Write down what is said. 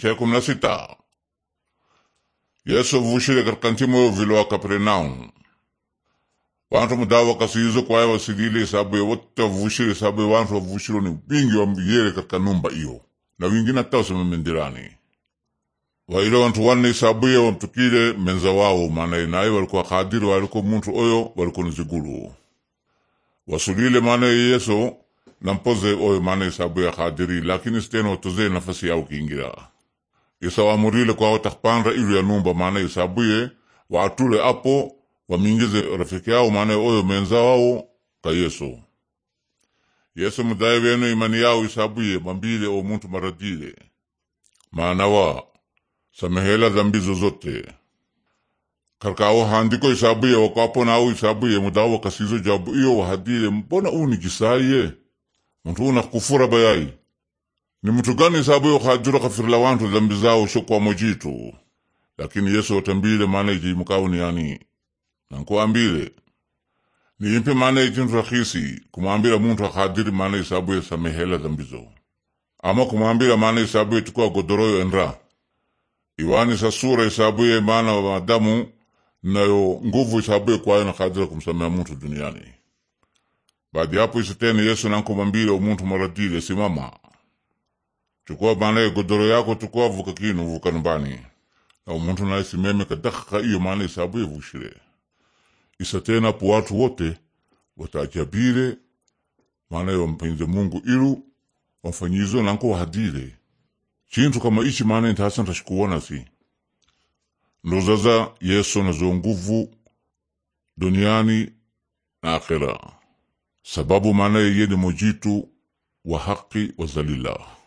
cha kumi na sita Yesu vushile katika ntimo uvilo wa Kapernaumu wantu mudawa kasiizo kwaya wasilile isabu ya wote wavushile isabu ya wantu wavushilo ni wingi wambiyele katika numba iyo na wingine ata wasememendirani waile wantu wanne isabu ya wamtukile menza wawo maanaye naye walikuwa kadiri waliko muntu oyo waliko nizigulu wasulile maanaye yesu nampoze oyo maanaye isabu ya kadiri lakini sitene watoze nafasi yao kiingira isawamurile kwao kwa ilu ya numba maana isabuye waatule apo wamingize rafiki yao maana oyo menza wao ka Yesu Yesu mudaye wenu imani yao isabuye mambile o muntu maradile maanawa wa samehela dhambi zozote karkawo handiko isabuye wakapo nao isabuye mudawo kasizo jabu iyo wahadile mbona unigisaye muntu kufura bayayi ni mtu gani sabuyo kajura kafirila wantu dhambi zao shokwamo jitu lakini yesu atambile maana ni yani ni niimpe maana ijintu rahisi kumwambila muntu akadiri maana isabu samehela dhambizo ama kumwambila maana isabu yetukua godoroyo enra iwani sa sura ya maana wa madamu nayo nguvu isabuye kwayo nakadira kumsamea muntu duniani baadi hapo isitene yesu nankumwambile omuntu maradile simama chukua maana godoro yako chukua vuka kinu vuka nyumbani au muntu naisimeme kadakika iyo maana isabu yevushire isa tena po watu wote wataajabire maana wampinze Mungu ilu wamfanyizo nanko wahadire chintu kama ichi maana intasa ntashikuona si ndo zaza Yesu nazo nguvu duniani na akhera sababu maana yeye ni mujitu wa haki wa zalila